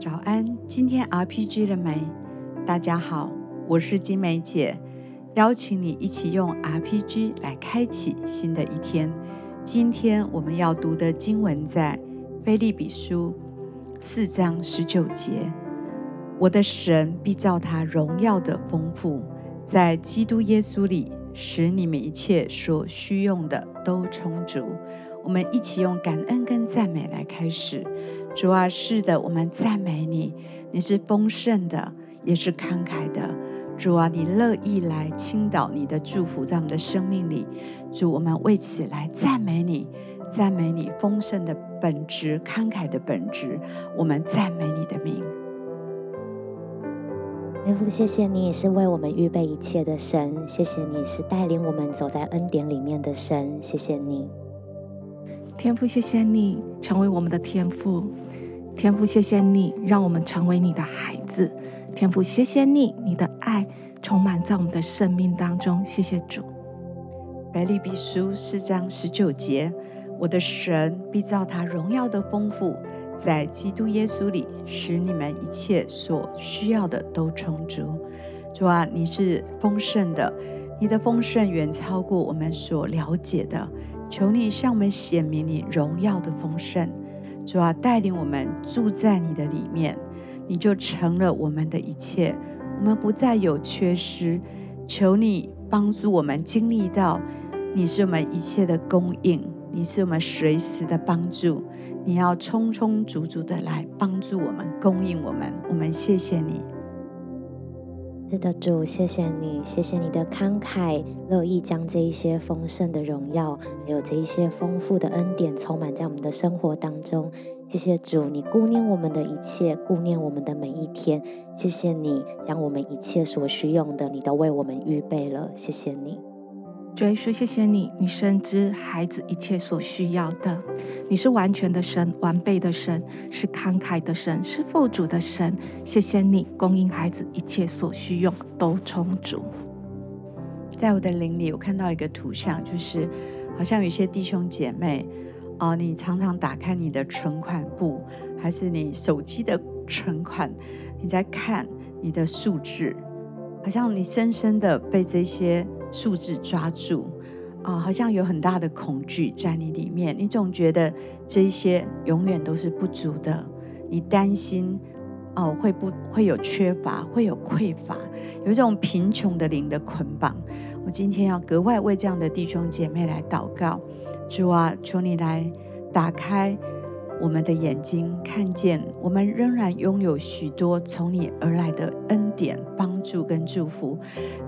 早安，今天 RPG 了沒？大家好，我是晶玫姊，邀請你一起用 RPG 來開啟新的一天。今天我們要讀的經文在《腓立比書》四章十九節：“我的神必照他榮耀的豐富，在基督耶穌裡，使你們一切所需用的都充足。”我們一起用感恩跟讚美來開始。主啊，是的，我們讚美你，你是豐盛的，也是慷慨的。主啊，你樂意來傾倒你的祝福在我們的生命裡，主，我們為此來讚美你，讚美你豐盛的本質，慷慨的本質，我們讚美你的名。天父，謝謝你是為我們預備一切的神，謝謝你是帶領我們走在恩典裡面的神，謝謝你。天父，謝謝你成為我們的天父。天父，謝謝你讓我們成為你的孩子。天父，謝謝你，你的愛充滿在我們的生命當中。謝謝主。腓立比書四章十九節：我的神必照祂榮耀的豐富，在基督耶穌裡，使你們一切所需要的都充足。主啊，你是豐盛的，你的豐盛遠超過我們所了解的。求你向我們顯明你榮耀的豐盛，主啊，帶領我們住在你的裡面，你就成了我們的一切，我們不再有缺失。求你幫助我們經歷到，你是我們一切的供應，你是我們隨時的幫助，你要充充足足的來幫助我們，供應我們。我們謝謝你。是的，主，謝謝你，謝謝你的慷慨，樂意將這一些豐盛的榮耀，還有這一些豐富的恩典，充滿在我們的生活當中。謝謝主，你顧念我們的一切，顧念我們的每一天。謝謝你，將我們一切所需用的，你都為我們預備了。謝謝你。所以，說，謝謝你，你深知孩子一切所需要的，你是完全的神，完備的神，是慷慨的神，是富足的神。謝謝你供應孩子一切所需用都充足。在我的靈裡，我看到一個圖像，就是好像有一些弟兄姐妹，哦、呃，你常常打開你的存款簿，還是你手機的存款，你在看你的數字，好像你深深的被這些。數字抓住，啊、哦，好像有很大的恐懼在你裡面。你總覺得這些永遠都是不足的，你擔心，哦，會不，會有缺乏，會有匱乏，有一種貧窮的靈的捆綁。我今天要格外為這樣的弟兄姐妹來禱告，主啊，求你來打開我們的眼睛，看見我們仍然擁有許多從你而來的恩典，幫。主跟祝福，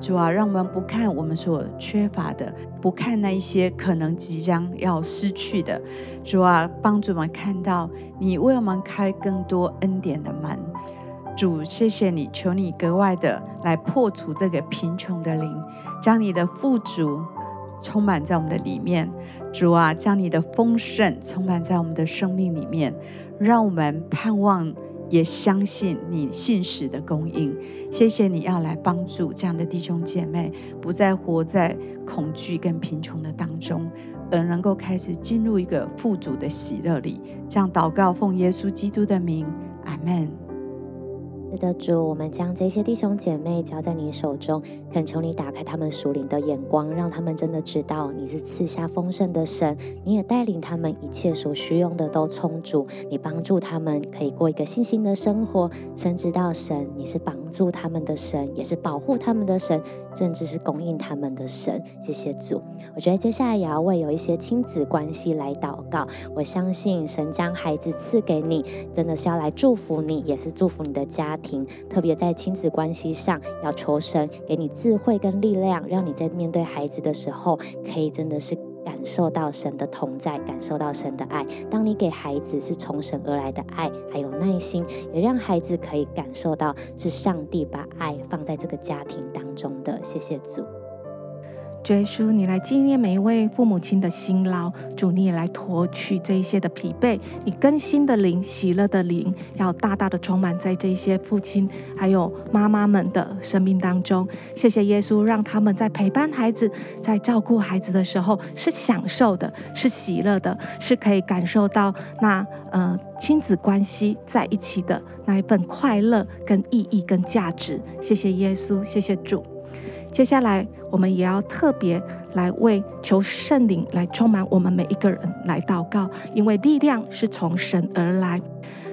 主啊，讓我們不看我們所缺乏的，不看那一些可能即將要失去的。主啊，幫助我們看到你為我們開更多恩典的門。主，謝謝你，求你格外的來破除這個貧窮的靈，將你的富足充滿在我們的裡面。主啊，將你的豐盛充滿在我們的生命裡面，讓我們盼望。也相信你信實的供應，謝謝你要來幫助這樣的弟兄姐妹，不再活在恐懼跟貧窮的當中，而能夠開始進入一個富足的喜樂裡。這樣禱告，奉耶穌基督的名，阿門。是的主，我們將這些弟兄姐妹交在你手中，懇求你打開他們屬靈的眼光，讓他們真的知道你是賜下豐盛的神。你也帶領他們一切所需用的都充足，你幫助他們可以過一個信心的生活，深知道，神你是幫助他們的神，也是保護他們的神。甚至是供應他們的神，謝謝主。我覺得接下來也要為有一些親子關係來禱告。我相信神將孩子賜給你，真的是要來祝福你，也是祝福你的家庭。特別在親子關係上，要求神給你智慧跟力量，讓你在面對孩子的時候，可以真的是，感受到神的同在，感受到神的愛。當你給孩子是從神而來的愛，還有耐心，也讓孩子可以感受到是上帝把愛放在這個家庭當中的。謝謝主。耶穌，你來紀念每一位父母親的辛勞，主你也來脫去這一些的疲憊，你更新的靈、喜樂的靈，要大大的充滿在這些父親還有媽媽們的生命當中。謝謝耶穌，讓他們在陪伴孩子、在照顧孩子的時候是享受的、是喜樂的、是可以感受到那呃親子關係在一起的那一份快樂、跟意義、跟價值。謝謝耶穌，謝謝主。接下來。我們也要特別來為求聖靈來充滿我們每一個人來禱告，因為力量是從神而來。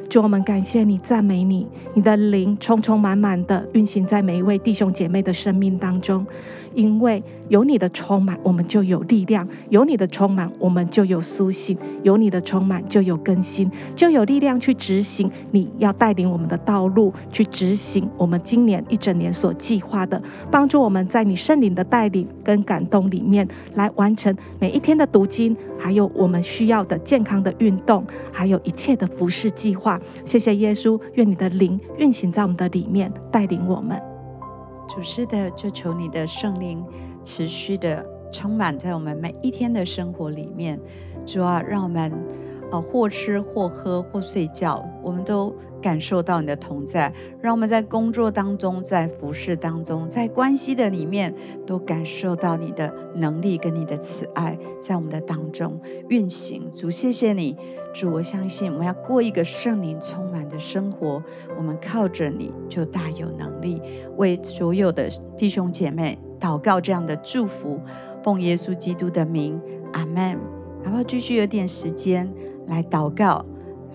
主，我們感謝你，讚美你，你的靈充充滿滿的運行在每一位弟兄姐妹的生命當中。因為有你的充滿，我們就有力量；有你的充滿，我們就有蘇醒；有你的充滿，就有更新，就有力量去執行你要帶領我們的道路，去執行我們今年一整年所計劃的，幫助我們在你聖靈的帶領跟感動裡面來完成每一天的讀經，還有我們需要的健康的運動，還有一切的服事計劃。謝謝耶穌，願你的靈運行在我們的裡面，帶領我們。主是的，就求你的聖靈持續的充滿在我們每一天的生活裡面。主啊，讓我們啊、呃，或吃或喝或睡覺，我們都感受到你的同在。讓我們在工作當中，在服事當中，在關係的裡面，都感受到你的能力跟你的慈愛在我們的當中運行。主，謝謝你，主，我相信我們要過一個聖靈充滿生活，我們靠着你就大有能力，為所有的弟兄姐妹禱告這樣的祝福，奉耶穌基督的名，阿門。好不好？繼續有點時間來禱告，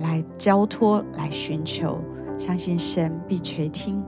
來交托，來尋求，相信神必垂聽。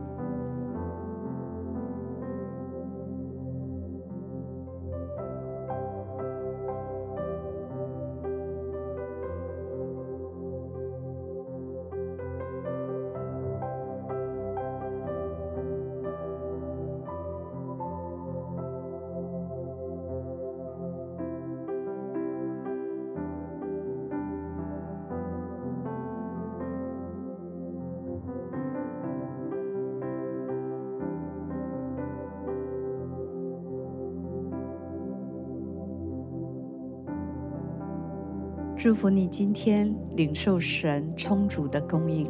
祝福你今天領受神充足的供應。